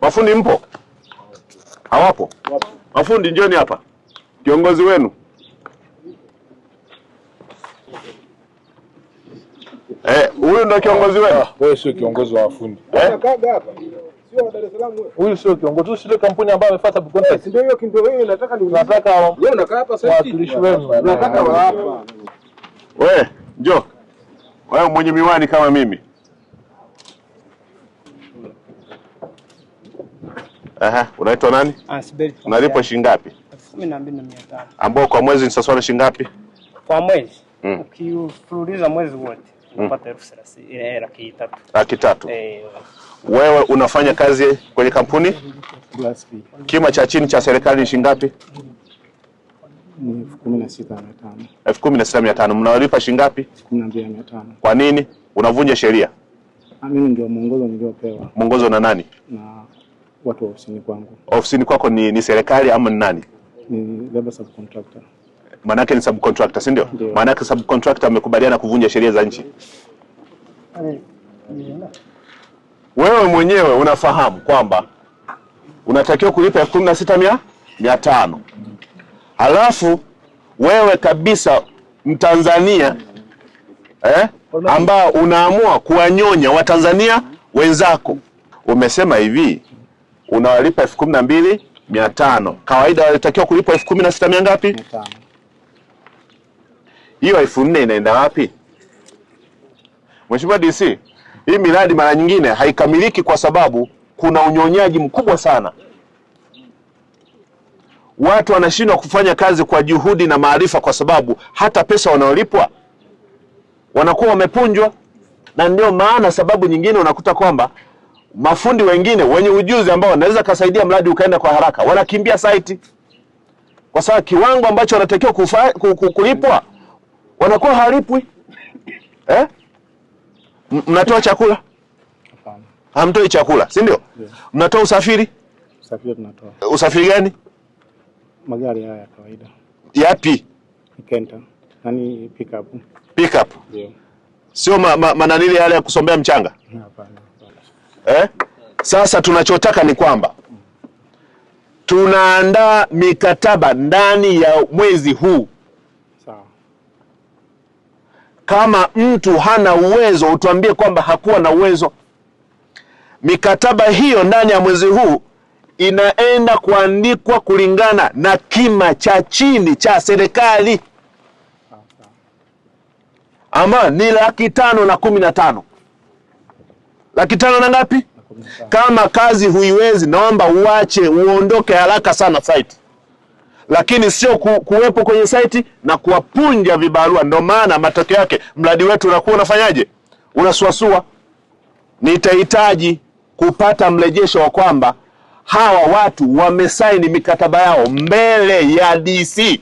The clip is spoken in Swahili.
Mafundi mpo? Hawapo? Mafundi njoni hapa, kiongozi wenu eh, huyu eh, ndo kiongozi wenu. Ah, wewe sio kiongozi wa mafundi eh? huyu, sio kiongozi, sio kampuni ambayo amefuata contract. Eh, ndio hiyo kindo wewe, nataka ni unataka wewe, unakaa hapa sasa, Watulishi wenu nataka wa hapa. Wewe njoo wewe, mwenye miwani kama mimi Aha, unaitwa nani? Asbel. Ah, Unalipwa shilingi ngapi? 12500. Ambao kwa mwezi ni sasa shilingi ngapi? Kwa mwezi. Mm. Ukifuruliza mwezi wote mm. unapata laki tatu. Laki tatu. Eh. Wewe unafanya kazi kwenye kampuni? Kima cha chini cha serikali ni shilingi ngapi? Ni elfu kumi na sita mia tano. Mnawalipa shilingi ngapi? Elfu Kwa nini? Unavunja sheria. Ah, mimi ndio mwongozo niliopewa. Mwongozo na nani? Na watu wa ofisini kwangu. Ofisini kwako ni, ni serikali ama ni nani? Ni labda subcontractor. Maanake ni subcontractor, si ndio? Maanake subcontractor amekubaliana kuvunja sheria za nchi. Eh, wewe mwenyewe unafahamu kwamba unatakiwa kulipa elfu kumi na sita mia mia tano halafu wewe kabisa Mtanzania eh, ambao unaamua kuwanyonya Watanzania wenzako, umesema hivi unawalipa elfu kumi na mbili mia tano. Kawaida walitakiwa kulipwa elfu kumi na sita mia ngapi? Hiyo elfu nne inaenda wapi? Mheshimiwa DC, hii miradi mara nyingine haikamiliki kwa sababu kuna unyonyaji mkubwa sana. Watu wanashindwa kufanya kazi kwa juhudi na maarifa, kwa sababu hata pesa wanaolipwa wanakuwa wamepunjwa, na ndio maana sababu nyingine unakuta kwamba mafundi wengine wenye ujuzi ambao wanaweza kusaidia mradi ukaenda kwa haraka wanakimbia site, kwa sababu kiwango ambacho wanatakiwa kulipwa wanakuwa halipwi. Eh, mnatoa chakula? Hamtoi chakula, si ndio? Yeah. Mnatoa usafiri? Usafiri tunatoa. Usafiri gani? Magari haya ya kawaida. Yapi? Kenta. Yaani pick up. Pick up. Yeah. Sio mananili ma, ma, yale ya kusombea mchanga? Hapana eh? Sasa tunachotaka ni kwamba tunaandaa mikataba ndani ya mwezi huu. Kama mtu hana uwezo, utuambie kwamba hakuwa na uwezo. Mikataba hiyo ndani ya mwezi huu inaenda kuandikwa kulingana na kima cha chini cha serikali, ama ni laki tano na kumi na tano laki tano na ngapi? Kama kazi huiwezi, naomba uache, uondoke haraka sana site, lakini sio ku, kuwepo kwenye site na kuwapunja vibarua. Ndio maana matokeo yake mradi wetu unakuwa unafanyaje, unasuasua. Nitahitaji kupata mrejesho wa kwamba hawa watu wamesaini mikataba yao mbele ya DC.